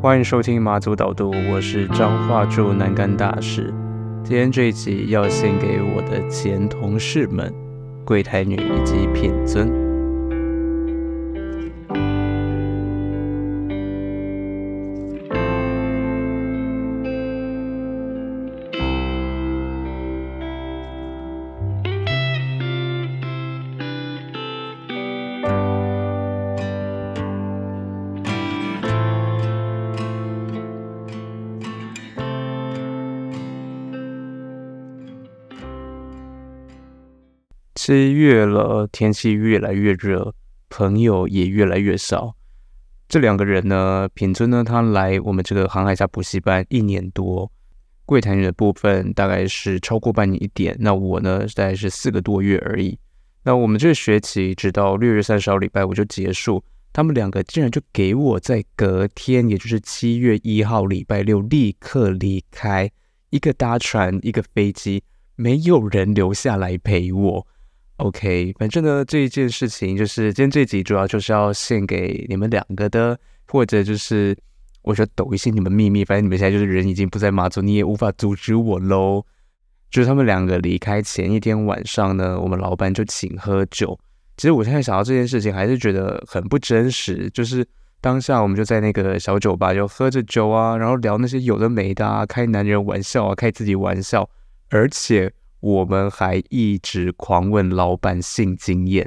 歡迎收聽《馬祖導讀》，我是張化柱南竿大師。今天這一集要獻給我的前同事們、櫃檯女以及品尊。了天氣越來越熱，朋友也越來越少。這兩個人呢，品尊呢，他來我們這個航海家補習班一年多，櫃檯女的部分大概是超過半年一點。那我呢，大概是四個多月而已。那我們這個學期直到六月三十號禮拜五就結束，他們兩個竟然就給我在隔天，也就是七月一號禮拜六立刻離開，一個搭船，一個飛機，沒有人留下來陪我。OK，反正呢，這一件事情就是今天這集主要就是要獻給你們兩個的，或者就是我說抖一些你們秘密。反正你們現在就是人已經不在馬祖，你也無法阻止我嘍。就是他們兩個離開前一天晚上呢，我們老闆就請喝酒。其實我現在想到這件事情，還是覺得很不真實。就是當下我們就在那個小酒吧就喝着酒啊，然後聊那些有的沒的，啊，開男人玩笑啊，開自己玩笑，而且。我們還一直狂問老闆性經驗，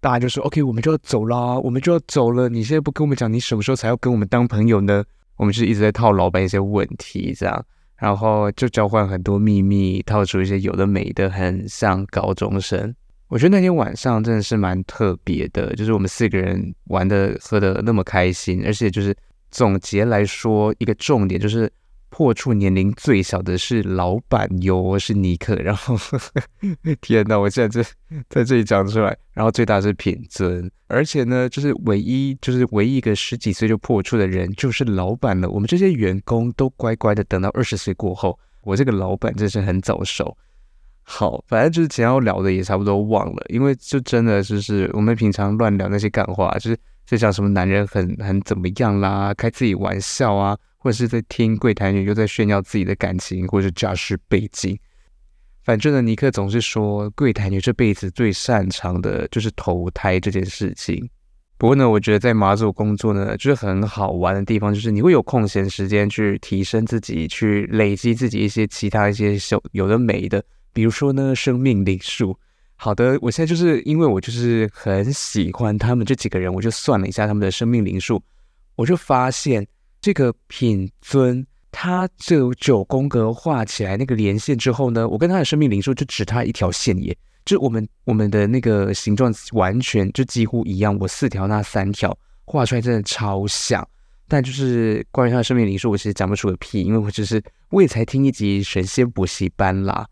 大家就說：“OK，我們就要走啦，我們就要走了。你現在不跟我們講，你什麼時候才要跟我們當朋友呢？”我們就一直在套老闆一些問題，這樣，然後就交換很多秘密，套出一些有的沒的，很像高中生。我覺得那天晚上真的是蠻特別的，就是我們四個人玩得、喝得那麼開心，而且就是總結來說一個重點就是。破處年齡最小的是老闆喲，是尼克。然後 天哪，我現在就在這裡講出來。然後最大是品尊，而且呢，就是唯一就是唯一一個十幾歲就破處的人就是老闆了。我們這些員工都乖乖的等到二十歲過後。我這個老闆真是很早熟。好，反正就是想要聊的也差不多忘了，因為就真的就是我們平常亂聊那些幹話，就是就像什麼男人很很怎麼樣啦，開自己玩笑啊。或者是在聽櫃檯女又在炫耀自己的感情，或者家世背景。反正呢，尼克總是說櫃檯女這輩子最擅長的就是投胎這件事情。不過呢，我覺得在馬祖工作呢，就是很好玩的地方，就是你會有空閒時間去提升自己，去累積自己一些其他一些小有的沒的。比如說呢，生命靈數。好的，我現在就是因為我就是很喜歡他們這幾個人，我就算了一下他們的生命靈數，我就發現。這個品尊，他這九宮格畫起來那個連線之後呢，我跟他的生命靈數就只差一條線耶，就我們，我們的那個形狀完全就幾乎一樣，我四條那三條畫出來真的超像。但就是關於他的生命靈數，我其實講不出個屁，因為我只是，我也才聽一集神仙補習班啦。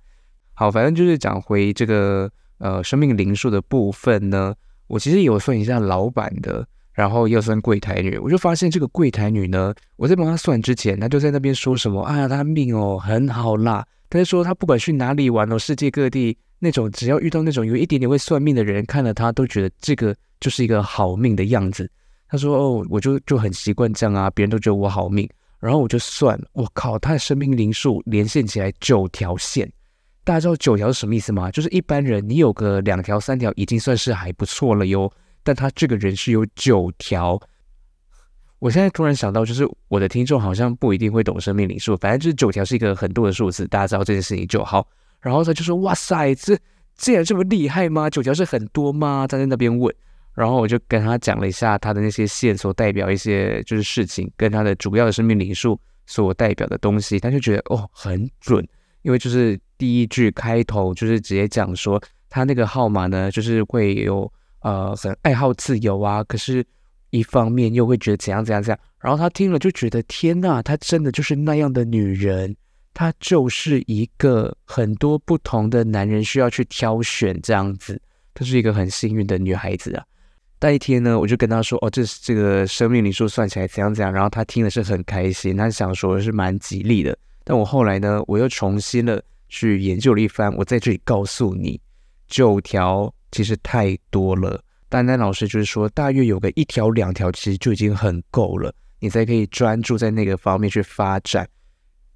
好，反正就是講回這個呃生命靈數的部分呢，我其實也有算一下老闆的。然後又算櫃檯女，我就發現這個櫃檯女呢，我在幫她算之前，她就在那邊說什麼：“哎呀，她命哦很好啦。”她就說她不管去哪裡玩哦，世界各地那種只要遇到那種有一點點會算命的人，看了她都覺得這個就是一個好命的樣子。她說：“哦，我就就很習慣這樣啊，別人都覺得我好命。”然後我就算，我靠，她的生命靈數連線起來九條線，大家知道九條是什麼意思嗎？就是一般人你有個兩條三條已經算是還不錯了喲。但他這個人是有九條，我現在突然想到，就是我的聽眾好像不一定會懂生命靈數，反正就是九條是一個很多的數字，大家知道這件事情就好。然後他就說：“哇塞，這竟然這麼厲害嗎？九條是很多嗎？”他在那邊問，然後我就跟他講了一下他的那些線所代表一些就是事情，跟他的主要的生命靈數所代表的東西，他就覺得哦很準，因為就是第一句開頭就是直接講說他那個號碼呢，就是會有。呃，很愛好自由啊，可是，一方面又會覺得怎樣怎樣怎樣。然後他聽了就覺得天哪，她真的就是那樣的女人，她就是一個很多不同的男人需要去挑選這樣子，她是一個很幸運的女孩子啊。那一天呢，我就跟她說，哦，這是這個生命靈數算起來怎樣怎樣。然後她聽的是很開心，她想說的是蠻吉利的。但我後來呢，我又重新的去研究了一番，我在這裡告訴你九條。其實太多了，丹丹老師就是說，大約有個一條兩條，其實就已經很夠了，你才可以專注在那個方面去發展。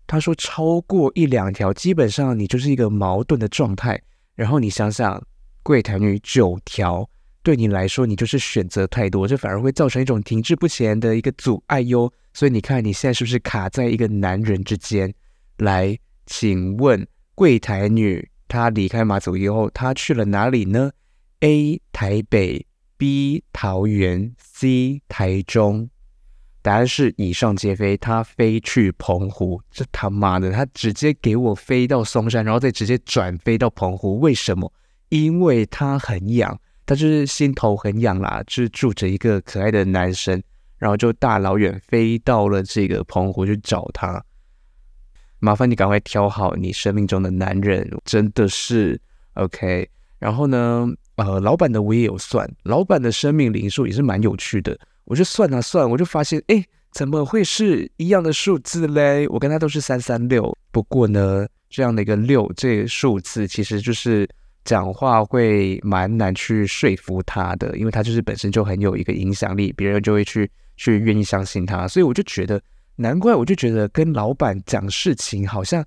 他說，超過一兩條，基本上你就是一個矛盾的狀態。然後你想想，櫃檯女九條對你來說，你就是選擇太多，這反而會造成一種停滯不前的一個阻礙喲、哦。所以你看，你現在是不是卡在一個男人之間？來，請問櫃檯女，她離開馬祖以後，她去了哪裡呢？A 台北，B 桃園，C 台中，答案是以上皆非。他飛去澎湖。這他媽的，他直接給我飛到松山，然後再直接轉飛到澎湖，為什麼？因為他很癢，他就是心頭很癢啦，就是住着一個可愛的男生，然後就大老遠飛到了這個澎湖去找他。麻煩你趕快挑好你生命中的男人，真的是 OK。然後呢？呃，老闆的我也有算，老闆的生命靈數也是蠻有趣的。我就算啊算，我就發現，誒，怎麼會是一樣的數字嘞？我跟他都是三三六。不過呢，這樣的一個六這個數字，其實就是講話會蠻難去說服他的，因為他就是本身就很有一個影響力，別人就會去去願意相信他。所以我就覺得，難怪我就覺得跟老闆講事情好像。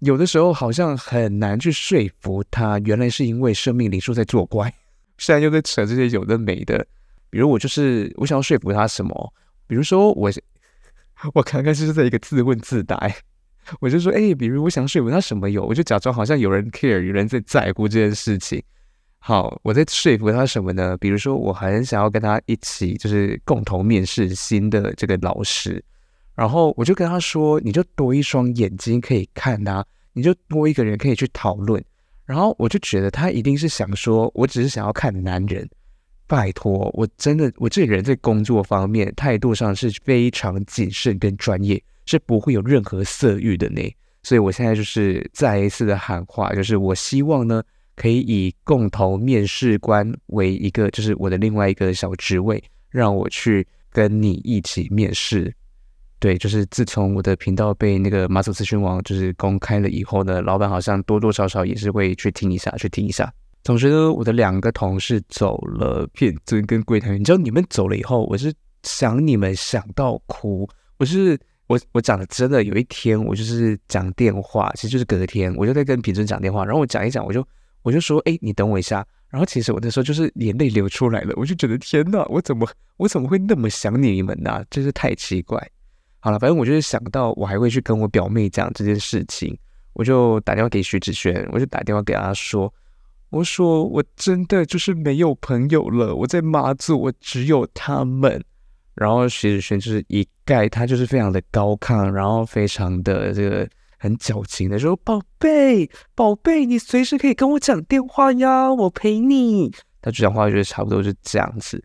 有的時候好像很難去說服他，原來是因為生命靈數在作怪，現在又在扯這些有的沒的。比如我就是我想要說服他什麼，比如說我我剛剛就是在一個自問自答，我就說哎，比如我想說服他什麼有，我就假裝好像有人 care，有人在在乎這件事情。好，我在說服他什麼呢？比如說我很想要跟他一起就是共同面試新的這個老師。然後我就跟他說：“你就多一雙眼睛可以看啊，你就多一個人可以去討論。”然後我就覺得他一定是想說：“我只是想要看男人。”拜託，我真的，我這個人在工作方面，態度上是非常謹慎跟專業，是不會有任何色欲的呢。所以我現在就是再一次的喊話，就是我希望呢，可以以共同面試官為一個，就是我的另外一個小職位，讓我去跟你一起面試。對，就是自從我的頻道被那個馬祖資訊網就是公開了以後呢，老闆好像多多少少也是會去聽一下，去聽一下。總覺得我的兩個同事走了，品尊跟櫃檯，你知道你們走了以後，我是想你們想到哭。我是我我講的真的，有一天我就是講電話，其實就是隔天我就在跟品尊講電話，然後我講一講，我就我就說，哎，你等我一下。然後其實我那時候就是眼淚流出來了，我就覺得天哪，我怎麼我怎麼會那麼想你們呢，啊？真是太奇怪。好了，反正我就是想到我還會去跟我表妹講這件事情，我就打電話給徐子軒，我就打電話給她說，我說我真的就是沒有朋友了，我在馬祖，我只有他們。然後徐子軒就是一概，她就是非常的高亢，然後非常的這個很矯情的說：“寶貝，寶貝，你隨時可以跟我講電話呀，我陪你。”他講話就是差不多就是這樣子，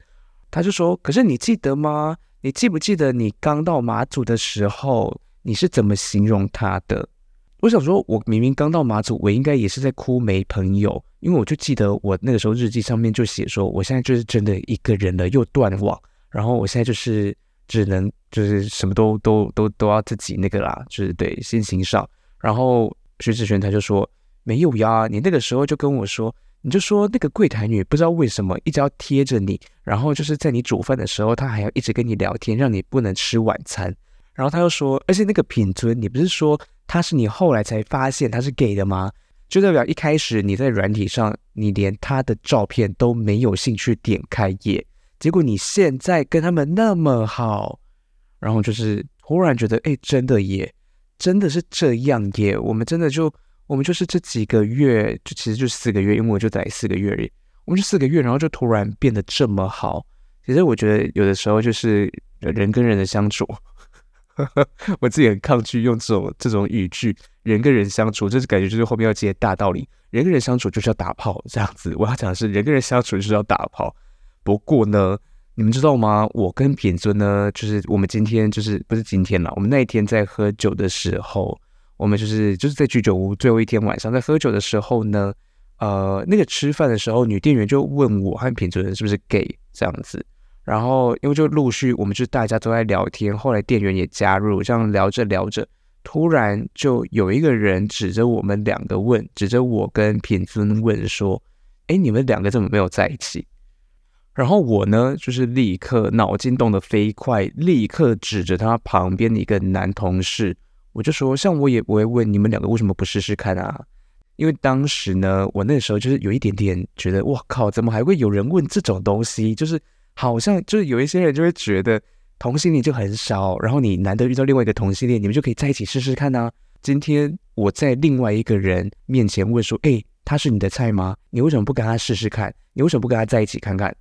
他就說：“可是你記得嗎？”你記不記得你剛到馬祖的時候，你是怎麼形容他的？我想說，我明明剛到馬祖，我應該也是在哭沒朋友，因為我就記得我那個時候日記上面就寫說，我現在就是真的一個人了，又斷網，然後我現在就是只能就是什麼都都都都要自己那個啦，就是得先線上。然後徐子璇他就說沒有呀，你那個時候就跟我說。你就說那個櫃檯女不知道為什麼一直要貼着你，然後就是在你煮飯的時候，她還要一直跟你聊天，讓你不能吃晚餐。然後她又說，而且那個品尊，你不是說他是你後來才發現他是 gay 的嗎？就代表一開始你在軟體上，你連他的照片都沒有興趣點開耶。結果你現在跟他們那麼好，然後就是忽然覺得，哎、欸，真的耶，真的是這樣耶，我們真的就。我們就是這幾個月，就其實就四個月，因為我就在四個月而已，我們就四個月，然後就突然變得這麼好。其實我覺得有的時候就是人跟人的相處，呵呵，我自己很抗拒用這種這種語句。人跟人相處，就是感覺就是後面要接大道理。人跟人相處就是要打炮這樣子。我要講的是，人跟人相處就是要打炮。不過呢，你們知道嗎？我跟品尊呢，就是我們今天，就是不是今天啦，我們那一天在喝酒的時候。我們就是就是在居酒屋最後一天晚上，在喝酒的時候呢，呃，那個吃飯的時候，女店員就問我和品尊是不是 gay 這樣子。然後因為就陸續，我們就大家都在聊天，後來店員也加入，這樣聊着聊着，突然就有一個人指着我們兩個問，指着我跟品尊問說：“哎，你們兩個怎麼沒有在一起？”然後我呢，就是立刻腦筋動得飛快，立刻指着他旁邊的一個男同事。我就說，像我也不會問你們兩個為什麼不試試看啊？因為當時呢，我那時候就是有一點點覺得，哇靠，怎麼還會有人問這種東西？就是好像就是有一些人就會覺得同性戀就很少，然後你難得遇到另外一個同性戀，你們就可以在一起試試看啊。今天我在另外一個人面前問說，誒、欸，他是你的菜嗎？你為什麼不跟他試試看？你為什麼不跟他在一起看看？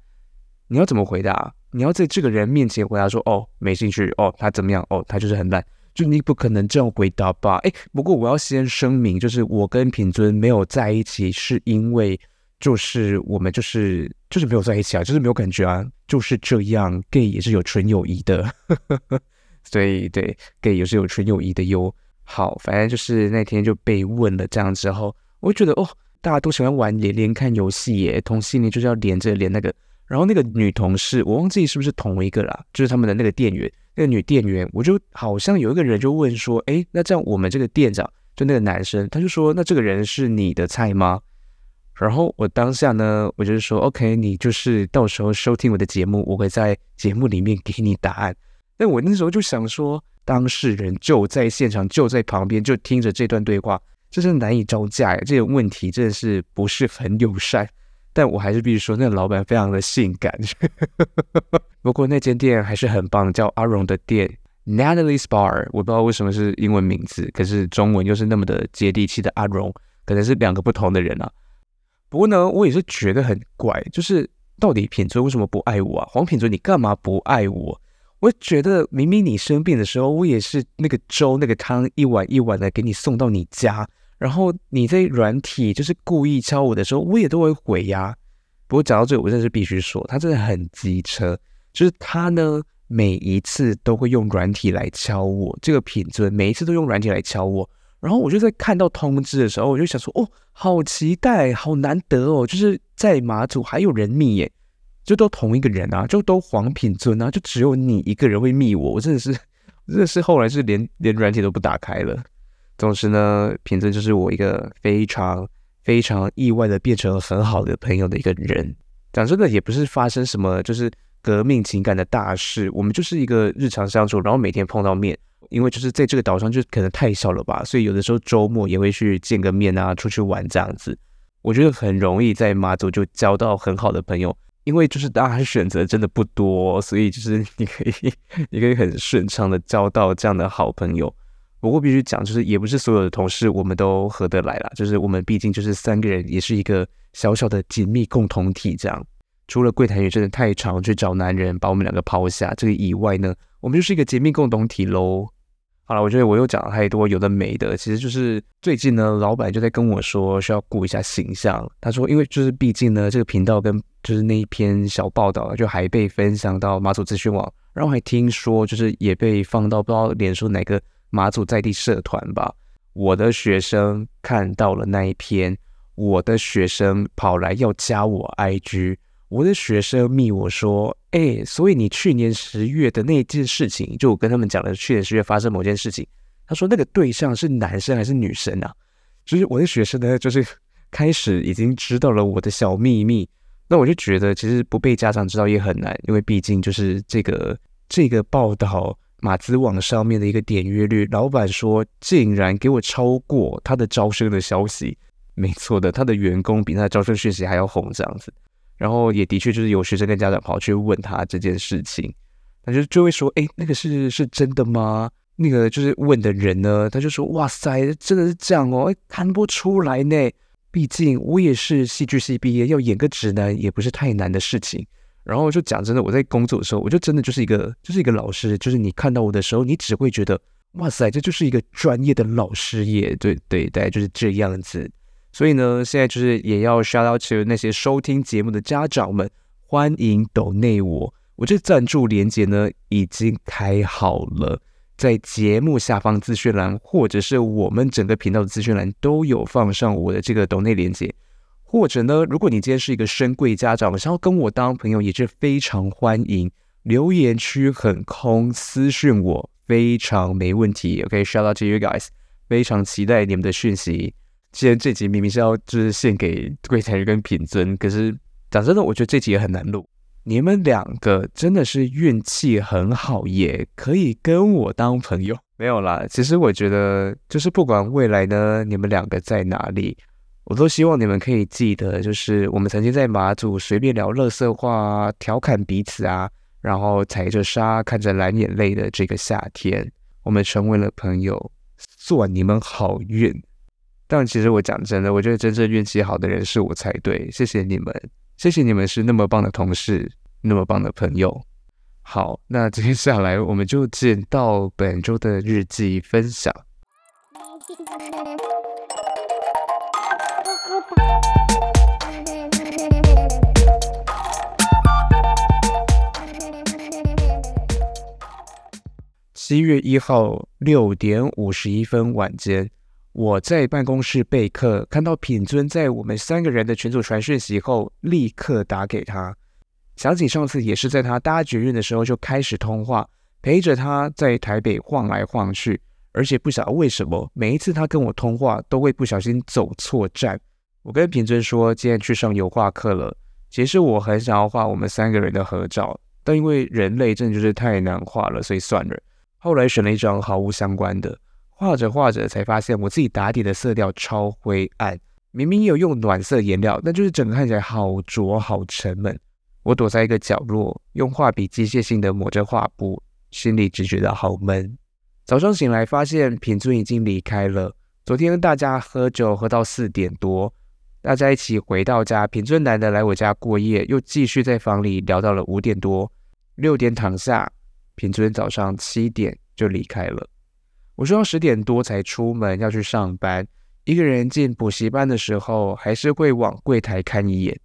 你要怎麼回答？你要在這個人面前回答說，哦，沒興趣，哦，他怎麼樣？哦，他就是很爛。就你不可能這樣回答吧？誒，不過我要先聲明，就是我跟品尊沒有在一起，是因為就是我們就是就是沒有在一起啊，就是沒有感覺啊，就是這樣。gay 也是有純友誼的， 所以對，gay 也是有純友誼的喲。好，反正就是那天就被問了，這樣之後，我就覺得哦，大家都喜歡玩連連看遊戲耶，同性戀就是要連着連那個。然後那個女同事，我忘記是不是同一個啦，就是他們的那個店員，那個女店員，我就好像有一個人就問說，哎，那這樣我們這個店長，就那個男生，他就說，那這個人是你的菜嗎？然後我當下呢，我就是說，OK，你就是到時候收聽我的節目，我會在節目裡面給你答案。但我那時候就想說，當事人就在現場，就在旁邊，就聽着這段對話，真是難以招架呀！這個問題真的是不是很友善。但我還是必須說，那個老板非常的性感。 不過那間店還是很棒，叫阿榮的店，Natalie's p a r 我不知道為什麼是英文名字，可是中文又是那麼的接地氣的阿榮，可能是兩個不同的人啊。不過呢，我也是覺得很怪，就是到底品尊為什麼不愛我啊？黃品尊，你幹嘛不愛我？我覺得明明你生病的時候，我也是那個粥、那個湯，一碗一碗的給你送到你家。然後你在軟體就是故意敲我的時候，我也都會回呀。不過講到這，我真的是必須說，他真的很機車，就是他呢每一次都會用軟體來敲我這個品尊，每一次都用軟體來敲我。然後我就在看到通知的時候，我就想說哦，好期待，好難得哦，就是在馬祖還有人密耶，就都同一個人啊，就都黃品尊啊，就只有你一個人會密我，我真的是，我真的是後來是連連軟體都不打開了。總之呢，品尊就是我一個非常非常意外的變成很好的朋友的一個人。講真的，也不是發生什麼就是革命情感的大事，我們就是一個日常相處，然後每天碰到面。因為就是在這個島上，就可能太小了吧，所以有的時候周末也會去見個面啊，出去玩這樣子。我覺得很容易在馬祖就交到很好的朋友，因為就是大家選擇真的不多，所以就是你可以你可以很順暢的交到這樣的好朋友。不過必須講，就是也不是所有的同事我們都合得來啦。就是我們畢竟就是三個人，也是一個小小的緊密共同體這樣。除了櫃台女真的太常去找男人，把我們兩個拋下這個以外呢，我們就是一個緊密共同體嘍。好了，我覺得我又講了太多有的沒的。其實就是最近呢，老板就在跟我說需要顧一下形象。他說，因為就是畢竟呢，這個頻道跟就是那一篇小報道，就還被分享到馬祖資訊網，然後還聽說就是也被放到不知道臉書哪個。馬祖在地社團吧，我的學生看到了那一篇，我的學生跑來要加我 IG，我的學生密我說，哎、欸，所以你去年十月的那件事情，就我跟他們講了去年十月發生某件事情，他說那個對象是男生還是女生啊？所、就、以、是、我的學生呢，就是開始已經知道了我的小秘密，那我就覺得其實不被家長知道也很難，因為畢竟就是這個這個報道。馬子網上面的一個點閱率，老板說竟然給我超過他的招生的消息，沒錯的，他的員工比那招生訊息還要紅這樣子。然後也的確就是有學生跟家長跑去問他這件事情，他就就會說：“哎、欸，那個是是真的嗎？”那個就是問的人呢，他就說：“哇塞，真的是這樣哦，看不出來呢。畢竟我也是戲劇系畢業，要演個直男也不是太難的事情。”然後就講真的，我在工作的時候，我就真的就是一個就是一個老師，就是你看到我的時候，你只會覺得哇塞，這就是一個專業的老師耶，對，對大概就是這樣子。所以呢，現在就是也要 shout out to 那些收聽節目的家長們，歡迎抖內我，我這贊助鏈接呢已經開好了，在節目下方的資訊欄或者是我們整個頻道的資訊欄都有放上我的這個抖內鏈接。或者呢，如果你今天是一個深櫃家長，想要跟我當朋友，也是非常歡迎。留言區很空，私訊我非常沒問題。OK，Shout、okay, out to you guys，非常期待你們的訊息。既然這集明明是要就是獻給櫃檯人跟品尊，可是講真的，我覺得這集也很難錄。你們兩個真的是運氣很好，也可以跟我當朋友。沒有啦，其實我覺得就是不管未來呢，你們兩個在哪裡。我都希望你們可以記得，就是我們曾經在馬祖隨便聊垃圾話，啊、調侃彼此啊，然後踩着沙、看着藍眼淚的這個夏天，我們成為了朋友，算你們好運。但其實我講真的，我覺得真正運氣好的人是我才對。謝謝你們，謝謝你們是那麼棒的同事，那麼棒的朋友。好，那接下來我們就見到本週的日記分享。七月一號六點五十一分晚間，我在辦公室備課，看到品尊在我們三個人的群組傳訊息後，立刻打給他。想起上次也是在他搭捷運的時候就開始通話，陪着他在台北晃來晃去，而且不曉得為什麼，每一次他跟我通話都會不小心走錯站。我跟品尊說今天去上油畫課了，其實我很想要畫我們三個人的合照，但因為人類真的就是太難畫了，所以算了。後來選了一張毫無相關的，畫着畫着才發現我自己打底的色調超灰暗，明明有用暖色顏料，但就是整個看起來好濁好沉悶。我躲在一個角落，用畫筆機械性的抹着畫布，心裡只覺得好悶。早上醒來發現品尊已經離開了，昨天大家喝酒喝到四點多，大家一起回到家，品尊難得來我家過夜，又繼續在房裡聊到了五點多，六點躺下。品尊早上七點就離開了，我說要十點多才出門要去上班。一個人進補習班的時候，還是會往櫃檯看一眼。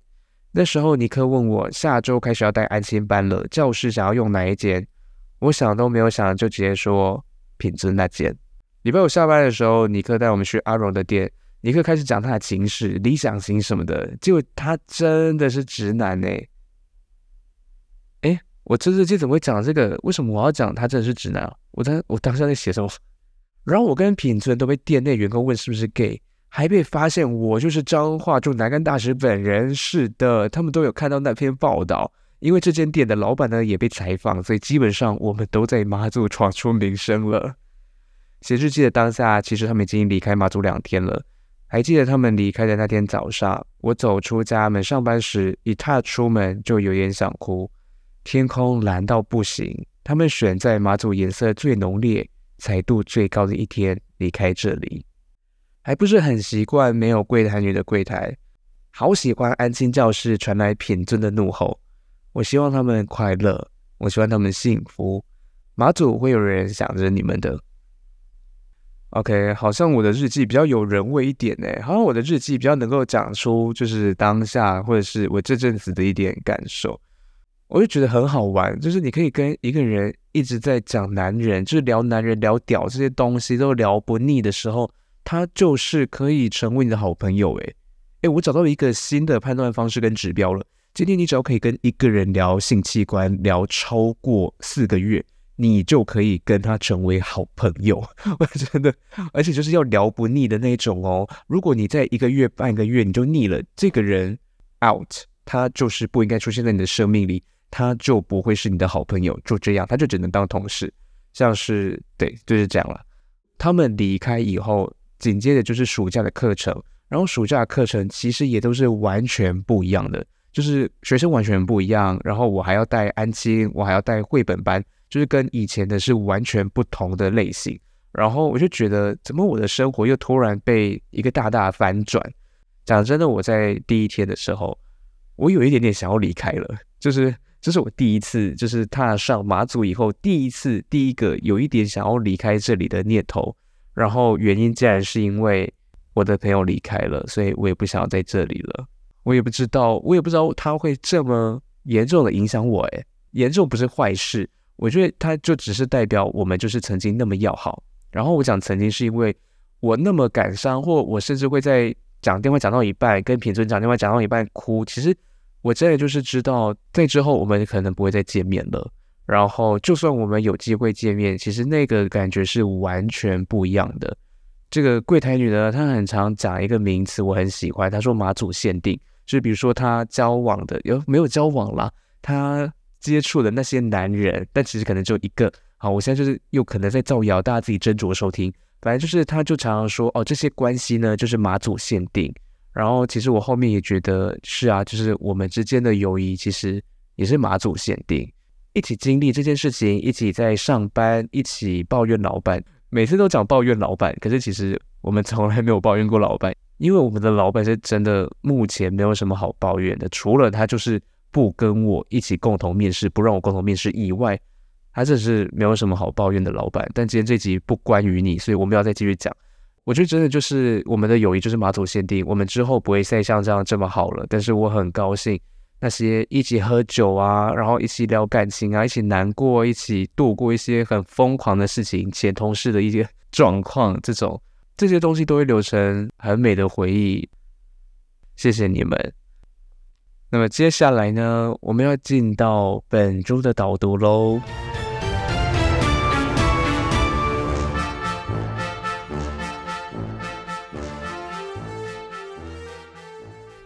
那時候尼克問我下周開始要帶安心班了，教室想要用哪一間？我想都沒有想就直接說品尊那間。禮拜五下班的時候，尼克帶我們去阿榮的店，尼克開始講他的情史、理想型什麼的，結果他真的是直男欸。我這日記怎麼會講這個？為什麼我要講他真的是直男？我在我當時在寫什麼？然後我跟品尊都被店內員工問是不是 gay，還被發現我就是彰化駐南竿大使本人。是的，他們都有看到那篇報道。因為這間店的老闆呢，也被採訪，所以基本上我們都在馬祖闖出名聲了。寫日記的當下，其實他們已經離開馬祖兩天了。還記得他們離開的那天早上，我走出家門上班時，一踏出門就有點想哭。天空藍到不行，他們選在馬祖顏色最濃烈、彩度最高的一天離開這裡，還不是很習慣沒有櫃台女的櫃台。好喜歡安親教室傳來品尊的怒吼，我希望他們快樂，我希望他們幸福。馬祖會有人想着你們的。OK，好像我的日記比較有人味一點呢，好像我的日記比較能夠講出就是當下或者是我這陣子的一點感受。我就覺得很好玩，就是你可以跟一個人一直在講男人，就是聊男人聊、聊屌這些東西都聊不膩的時候，他就是可以成為你的好朋友。誒誒，我找到了一個新的判斷方式跟指標了。今天你只要可以跟一個人聊性器官，聊超過四個月，你就可以跟他成為好朋友。我 真的，而且就是要聊不膩的那種哦。如果你在一個月、半個月你就膩了，這個人 out，他就是不應該出現在你的生命裡。他就不會是你的好朋友，就這樣，他就只能當同事。像是，對，就是這樣了。他們離開以後，緊接着就是暑假的課程，然後暑假的課程其實也都是完全不一樣的，就是學生完全不一樣。然後我還要帶安親，我還要帶繪本班，就是跟以前的是完全不同的類型。然後我就覺得，怎麼我的生活又突然被一個大大反轉？講真的，我在第一天的時候，我有一點點想要離開了，就是。這是我第一次，就是踏上馬祖以後，第一次第一個有一點想要離開這裡的念頭。然後原因竟然是因為我的朋友離開了，所以我也不想要在這裡了。我也不知道，我也不知道他會這麼嚴重的影響我。哎，嚴重不是壞事，我覺得他就只是代表我們就是曾經那麼要好。然後我想曾經是因為我那麼感傷，或我甚至會在講電話講到一半，跟品尊講電話講到一半哭。其實。我真的就是知道，那之後我們可能不會再見面了。然後，就算我們有機會見面，其實那個感覺是完全不一樣的。這個櫃台女呢，她很常講一個名詞，我很喜歡。她說“馬祖限定”，就是比如說她交往的，有沒有交往啦？她接觸的那些男人，但其實可能只有一個。好，我現在就是有可能在造謠，大家自己斟酌收聽。反正就是她就常常說，哦，這些關係呢，就是馬祖限定。然後其實我後面也覺得是啊，就是我們之間的友誼其實也是馬祖限定，一起經歷這件事情，一起在上班，一起抱怨老闆，每次都講抱怨老闆，可是其實我們從來沒有抱怨過老闆，因為我們的老闆是真的目前沒有什麼好抱怨的，除了他就是不跟我一起共同面試，不讓我共同面試以外，他只是沒有什麼好抱怨的老闆。但今天這集不關於你，所以我們要再繼續講。我覺得真的就是我們的友誼就是馬桶限定，我們之後不會再像這樣這麼好了。但是我很高興，那些一起喝酒啊，然後一起聊感情啊，一起難過，一起度過一些很瘋狂的事情，前同事的一些狀況，這種這些東西都會留成很美的回憶。謝謝你們。那麼接下來呢，我們要進到本周的島讀嘍。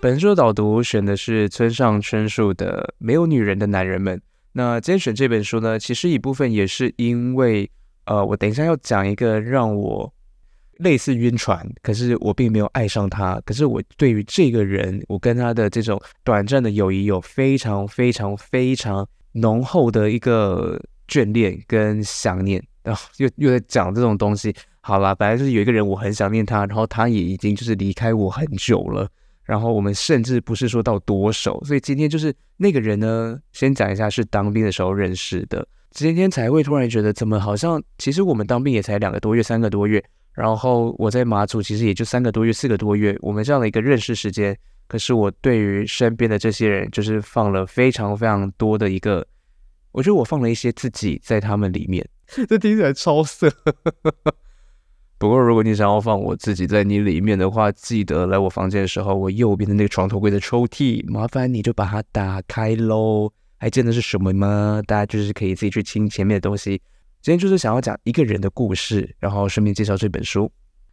本週的島讀選的是村上春樹的《沒有女人的男人們》。那今天選這本書呢，其實一部分也是因為，呃，我等一下要講一個讓我類似暈船，可是我並沒有愛上他，可是我對於這個人，我跟他的這種短暫的友誼有非常非常非常濃厚的一個眷戀跟想念。啊、哦，又又在講這種東西。好啦，本來就是有一個人我很想念他，然後他也已經就是離開我很久了。然後我們甚至不是說到多熟，所以今天就是那個人呢，先講一下是當兵的時候認識的，今天才會突然覺得怎麼好像其實我們當兵也才兩個多月，三個多月，然後我在馬祖其實也就三個多月，四個多月，我們這樣的一個認識時間，可是我對於身邊的這些人就是放了非常非常多的一個，我覺得我放了一些自己在他們裡面，這聽起來超色。 不過，如果你想要放我自己在你裡面的話，記得來我房間的時候，我右邊的那個床頭櫃的抽屜，麻煩你就把它打開嘍。還記得是什麼嗎？大家就是可以自己去聽前面的東西。今天就是想要講一個人的故事，然後順便介紹這本書。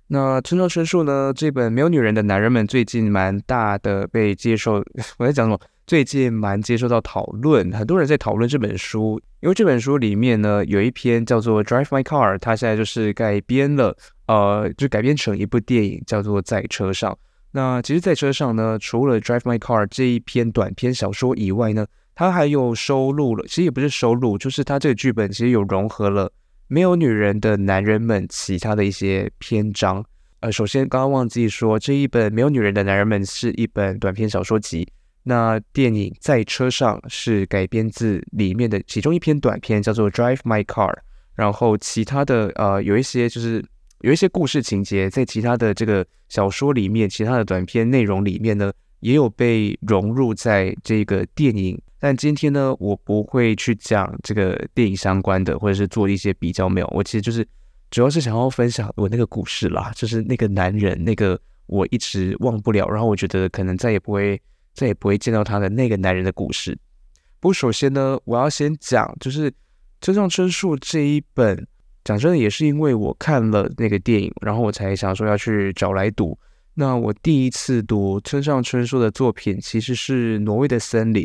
那村上春樹呢？這本沒有女人的男人們最近蠻大的被接受。我在講什麼？最近蠻接受到討論，很多人在討論這本書，因為這本書裡面呢有一篇叫做《Drive My Car》，它現在就是改編了。呃，就改編成一部電影，叫做《在車上》。那其實《在車上》呢，除了《Drive My Car》這一篇短篇小說以外呢，它還有收錄了，其實也不是收錄，就是它這個劇本其實有融合了《沒有女人的男人們》其他的一些篇章。呃，首先剛剛忘記說，這一本《沒有女人的男人們》是一本短篇小說集。那電影《在車上》是改編自裡面的其中一篇短篇，叫做《Drive My Car》。然後其他的呃，有一些就是。有一些故事情節在其他的這個小說裡面，其他的短篇內容裡面呢，也有被融入在這個電影。但今天呢，我不會去講這個電影相關的，或者是做一些比較。沒有，我其實就是主要是想要分享我那個故事啦，就是那個男人，那個我一直忘不了，然後我覺得可能再也不會、再也不會見到他的那個男人的故事。不過首先呢，我要先講，就是村上春樹這一本，講真的，也是因為我看了那個電影，然後我才想說要去找來讀。那我第一次讀村上春樹的作品，其實是《挪威的森林》。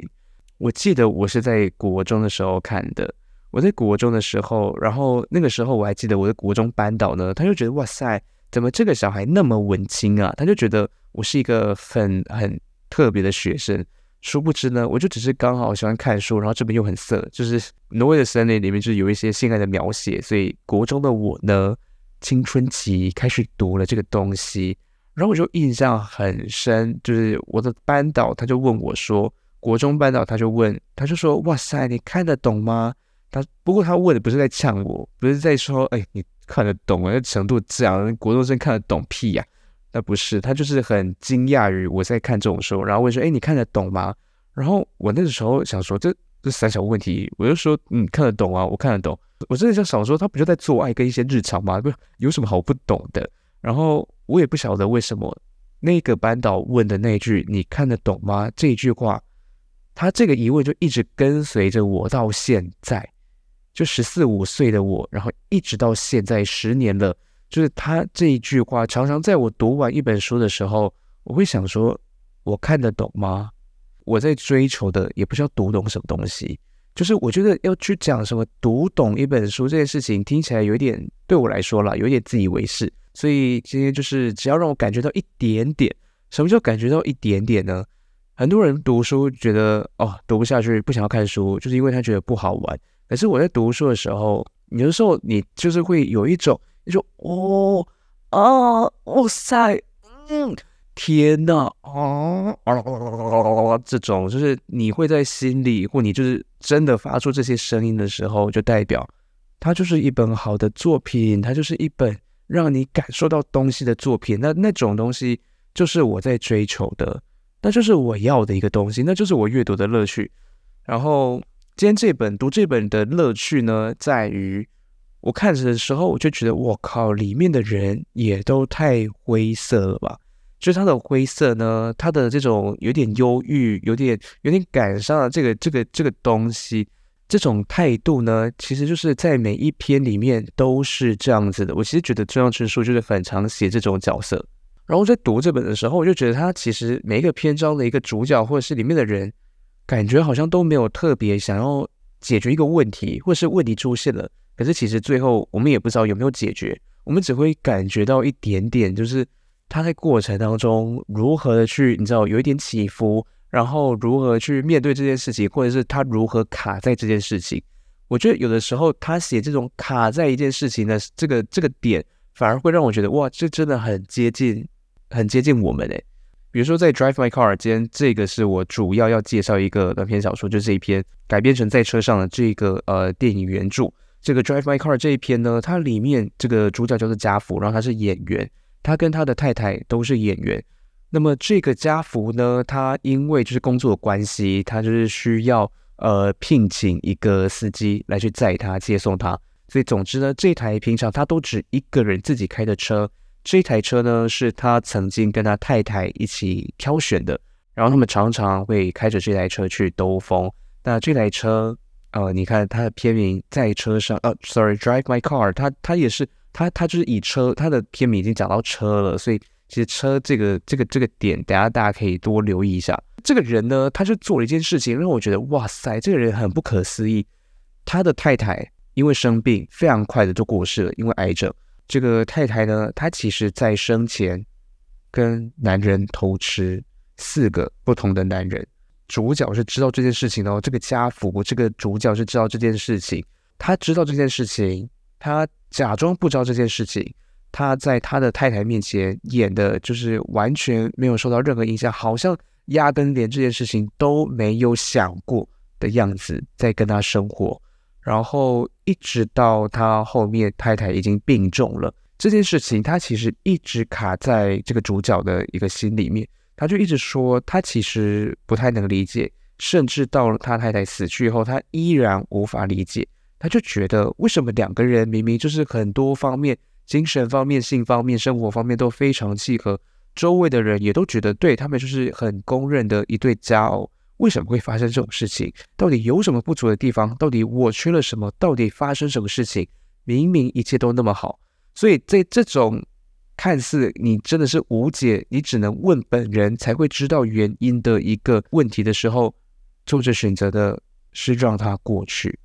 我記得我是在國中的時候看的。我在國中的時候，然後那個時候我還記得，我在國中班導呢，他就覺得哇塞，怎麼這個小孩那麼文青啊？他就覺得我是一個很很特別的學生。殊不知呢，我就只是剛好喜歡看書，然後這本又很色，就是《挪威的森林》裡面就有一些性愛的描寫，所以國中的我呢，青春期開始讀了這個東西，然後我就印象很深，就是我的班導他就問我說，國中班導他就問，他就說，哇塞，你看得懂嗎？他不過他問的不是在嗆我，不是在說，哎，你看得懂啊？那程度這樣，國中生看得懂屁呀？啊？那不是，他就是很驚訝於我在看這種書，然後問說：“哎，你看得懂嗎？”然後我那時候想說，這這三小問題，我就說：“嗯，看得懂啊，我看得懂。”我真的想想說，他不就在做愛跟一些日常嗎？不，有什麼好不懂的？然後我也不曉得為什麼那個班導問的那句“你看得懂嗎”這一句話，他這個疑問就一直跟隨着我到現在，就十四五歲的我，然後一直到現在十年了。就是他這一句話，常常在我讀完一本書的時候，我會想說，我看得懂嗎？我在追求的也不是要讀懂什麼東西，就是我覺得要去講什麼讀懂一本書這件事情，聽起來有一點對我來說啦，有一點自以為是。所以今天就是只要讓我感覺到一點點，什麼叫感覺到一點點呢？很多人讀書覺得哦，讀不下去，不想要看書，就是因為他覺得不好玩。可是我在讀書的時候，有的時候你就是會有一種。你說，哦、啊、哇塞、嗯、天哪、啊、啊、啊、啊、啊這種，就是你會在心裡或你就是真的發出這些聲音的時候，就代表它就是一本好的作品，它就是一本讓你感受到東西的作品。那那種東西就是我在追求的，那就是我要的一個東西，那就是我閱讀的樂趣。然後今天這本讀這本的樂趣呢，在於。我看着的時候，我就覺得我靠，裡面的人也都太灰色了吧？就是他的灰色呢，他的這種有點憂鬱，有點有點感傷的這個這個這個東西，這種態度呢，其實就是在每一篇裡面都是這樣子的。我其實覺得村上春樹就是很常寫這種角色。然後在讀這本的時候，我就覺得他其實每一個篇章的一個主角或者是裡面的人，感覺好像都沒有特別想要解決一個問題，或者是問題出現了。可是其實最後我們也不知道有沒有解決，我們只會感覺到一點點，就是他在過程當中如何的去，你知道有一點起伏，然後如何去面對這件事情，或者是他如何卡在這件事情。我覺得有的時候他寫這種卡在一件事情的這個這個點，反而會讓我覺得哇，這真的很接近，很接近我們哎。比如說在 Drive My Car 之間，這個是我主要要介紹一個短篇小說，就是這一篇改編成在車上的這個呃電影原著。這個 Drive My Car 這一篇呢，它裡面這個主角就是家福，然後他是演員，他跟他的太太都是演員。那麼這個家福呢，他因為就是工作的關係，他就是需要呃聘請一個司機來去載他，接送他，所以總之呢，這台平常他都只一個人自己開的車。這台車呢，是他曾經跟他太太一起挑選的，然後他們常常會開着這台車去兜風。那這台車。呃、哦，你看他的片名在車上，呃、哦，sorry，drive my car，他他也是他他就是以車，他的片名已經講到車了，所以其實車這個這個這個點，大家大家可以多留意一下。這個人呢，他就做了一件事情，讓我覺得哇塞，這個人很不可思議。他的太太因為生病，非常快的就過世了，因為癌症。這個太太呢，她其實在生前跟男人偷吃四個不同的男人。主角是知道這件事情的。哦，這個家福，這個主角是知道這件事情，他知道這件事情，他假裝不知道這件事情，他在他的太太面前演的就是完全沒有受到任何影響，好像壓根連這件事情都沒有想過的樣子，在跟他生活，然後一直到他後面太太已經病重了，這件事情他其實一直卡在這個主角的一個心裡面。他就一直說，他其實不太能理解，甚至到了他太太死去以後，他依然無法理解。他就覺得，為什麼兩個人明明就是很多方面，精神方面、性方面、生活方面都非常契合，周圍的人也都覺得對他們就是很公認的一對佳偶，哦，為什麼會發生這種事情？到底有什麼不足的地方？到底我缺了什麼？到底發生什麼事情？明明一切都那麼好，所以在這種。看似你真的是無解，你只能問本人才會知道原因的一個問題的時候，作者選擇的是讓他過去，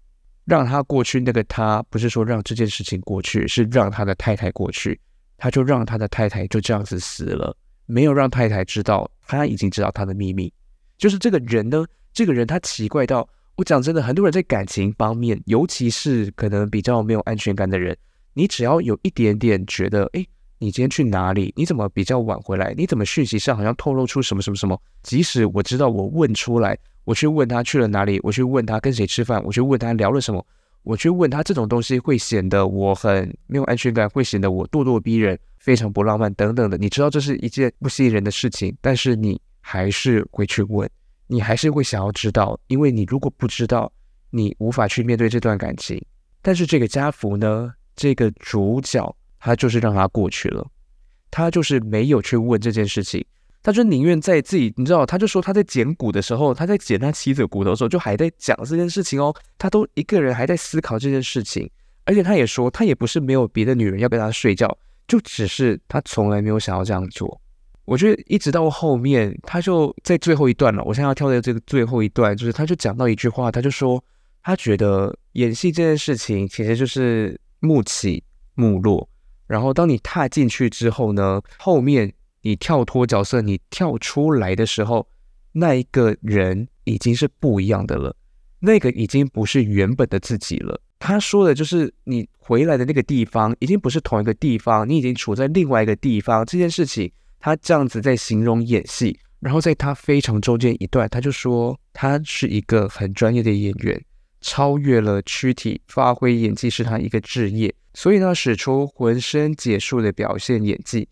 讓他過去。那個他不是說讓這件事情過去，是讓他的太太過去，他就讓他的太太就這樣子死了，沒有讓太太知道，他已經知道他的秘密。就是這個人呢，這個人他奇怪到我講真的，很多人在感情方面，尤其是可能比較沒有安全感的人，你只要有一點點覺得，誒。你今天去哪裡？你怎麼比較晚回來？你怎麼訊息上好像透露出什麼什麼什麼？即使我知道，我問出來，我去問他去了哪裡，我去問他跟誰吃飯，我去問他聊了什麼，我去問他這種東西，會顯得我很沒有安全感，會顯得我咄咄逼人，非常不浪漫等等的。你知道這是一件不吸引人的事情，但是你還是會去問，你還是會想要知道，因為你如果不知道，你無法去面對這段感情。但是這個家福呢？這個主角。他就是讓他過去了，他就是沒有去問這件事情，他就寧願在自己，你知道，他就說他在撿骨的時候，他在撿他妻子骨頭的時候，就還在講這件事情哦，他都一個人還在思考這件事情，而且他也說他也不是沒有別的女人要跟他睡覺，就只是他從來沒有想要這樣做。我覺得一直到後面，他就在最後一段了哦，我現在要跳到這個最後一段，就是他就講到一句話，他就說他覺得演戲這件事情其實就是幕起幕落。然後當你踏進去之後呢，後面你跳脫角色，你跳出來的時候，那一個人已經是不一樣的了，那個已經不是原本的自己了。他說的就是你回來的那個地方已經不是同一個地方，你已經處在另外一個地方。這件事情他這樣子在形容演戲，然後在他非常中間一段，他就說他是一個很專業的演員，超越了軀體，發揮演技是他一個職業。所以他使出渾身解數的表現演技，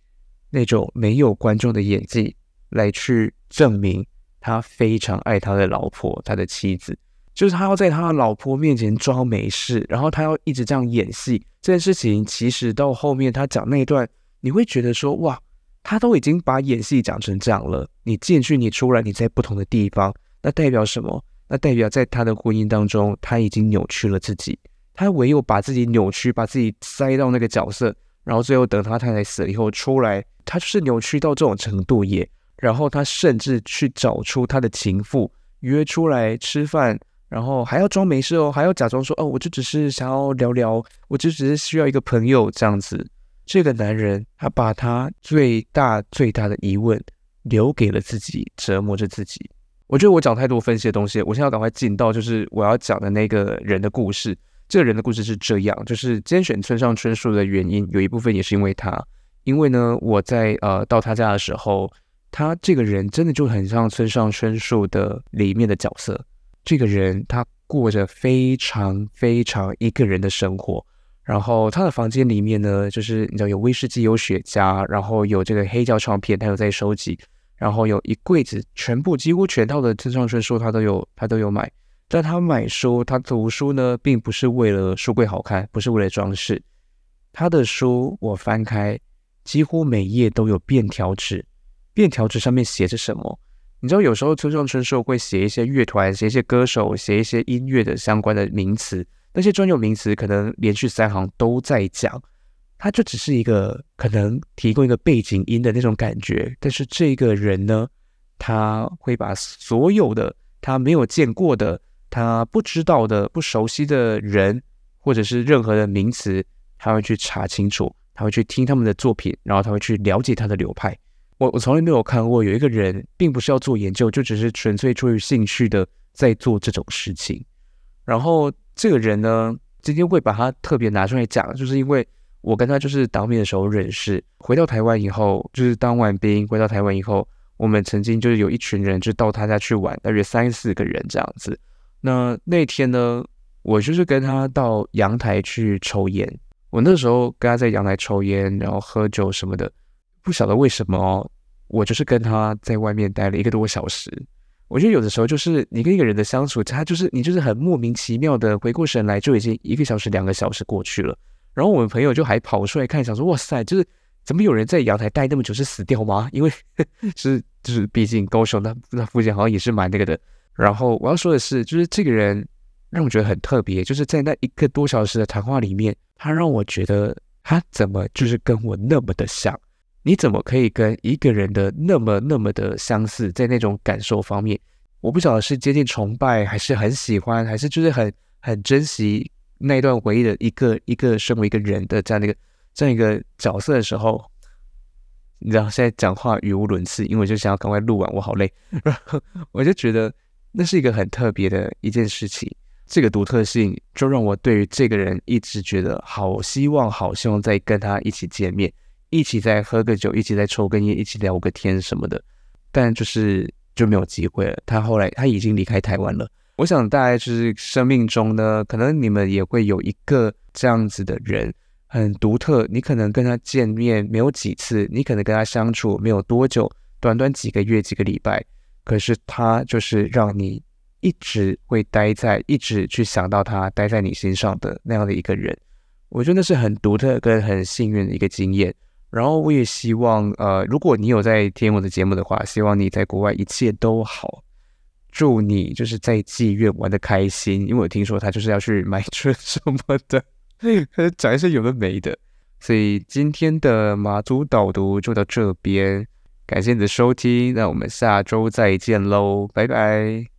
那種沒有觀眾的演技，來去證明他非常愛他的老婆，他的妻子，就是他要在他的老婆面前裝沒事，然後他要一直這樣演戲。這件事情其實到後面他講那一段，你會覺得說，哇，他都已經把演戲講成這樣了。你進去，你出來，你在不同的地方，那代表什麼？那代表在他的婚姻當中，他已經扭曲了自己。他唯有把自己扭曲，把自己塞到那個角色，然後最後等他太太死了以後出來，他就是扭曲到這種程度耶。然後他甚至去找出他的情婦，約出來吃飯，然後還要裝沒事哦，還要假裝說哦，我就只是想要聊聊，我就只是需要一個朋友這樣子。這個男人他把他最大最大的疑問留給了自己，折磨着自己。我覺得我講太多分析的東西，我現在要趕快進到就是我要講的那個人的故事。這個人的故事是這樣，就是揀選村上春樹的原因有一部分也是因為他，因為呢，我在呃到他家的時候，他這個人真的就很像村上春樹的裡面的角色。這個人他過着非常非常一個人的生活，然後他的房間裡面呢，就是你知道有威士忌、有雪茄，然後有這個黑膠唱片，他有在收集，然後有一櫃子全部幾乎全套的村上春樹他都有，他都有買。但他買書，他讀書呢，並不是為了書櫃好看，不是為了裝飾。他的書我翻開，幾乎每頁都有便條紙，便條紙上面寫着什麼？你知道，有時候村上春樹會寫一些樂團，寫一些歌手，寫一些音樂的相關的名詞，那些專有名詞可能連續三行都在講，他就只是一個可能提供一個背景音的那種感覺。但是這個人呢，他會把所有的他沒有見過的。他不知道的、不熟悉的人，或者是任何的名詞，他會去查清楚，他會去聽他們的作品，然後他會去了解他的流派。我我從來沒有看過有一個人，並不是要做研究，就只是純粹出於興趣的在做這種事情。然後這個人呢，今天會把他特別拿出來講，就是因為我跟他就是當兵的時候認識，回到台灣以後，就是當完兵回到台灣以後，我們曾經就是有一群人就到他家去玩，大約三四個人這樣子。那那天呢，我就是跟他到陽台去抽菸。我那時候跟他在陽台抽菸，然後喝酒什麼的，不曉得為什麼，我就是跟他在外面待了一個多小時。我覺得有的時候就是你跟一個人的相處，他就是你就是很莫名其妙的回過神來，就已經一個小時、兩個小時過去了。然後我們朋友就還跑出來看，想說：“哇塞，就是怎麼有人在陽台待那麼久？是死掉嗎？”因為、 就是就是畢竟高雄，那那附近好像也是蠻那個的。然後我要說的是，就是這個人讓我覺得很特別，就是在那一個多小時的談話裡面，他讓我覺得他怎麼就是跟我那麼的像？你怎麼可以跟一個人的那麼那麼的相似？在那種感受方面，我不曉得是接近崇拜，還是很喜歡，還是就是很很珍惜那一段唯一的，一個一個身為一個人的這樣的一個這樣一個角色的時候，你知道現在講話語無倫次，因為我就想要趕快錄完，我好累，然後我就覺得。那是一個很特別的一件事情，這個獨特性就讓我對於這個人一直覺得好希望，好希望再跟他一起見面，一起再喝個酒，一起再抽根煙，一起聊個天什麼的。但就是就沒有機會了。他後來他已經離開台灣了。我想大概就是生命中呢，可能你們也會有一個這樣子的人，很獨特。你可能跟他見面沒有幾次，你可能跟他相處沒有多久，短短幾個月、幾個禮拜。可是他就是讓你一直會待在，一直去想到他待在你心上的那樣的一個人，我覺得那是很獨特跟很幸運的一個經驗。然後我也希望，呃，如果你有在聽我的節目的話，希望你在國外一切都好，祝你就是在妓院玩得開心，因為我聽說他就是要去買春什麼的，講一些有的沒的。 所以今天的馬祖島讀就到這邊。感謝你的收聽，那我們下週再見嘍，拜拜。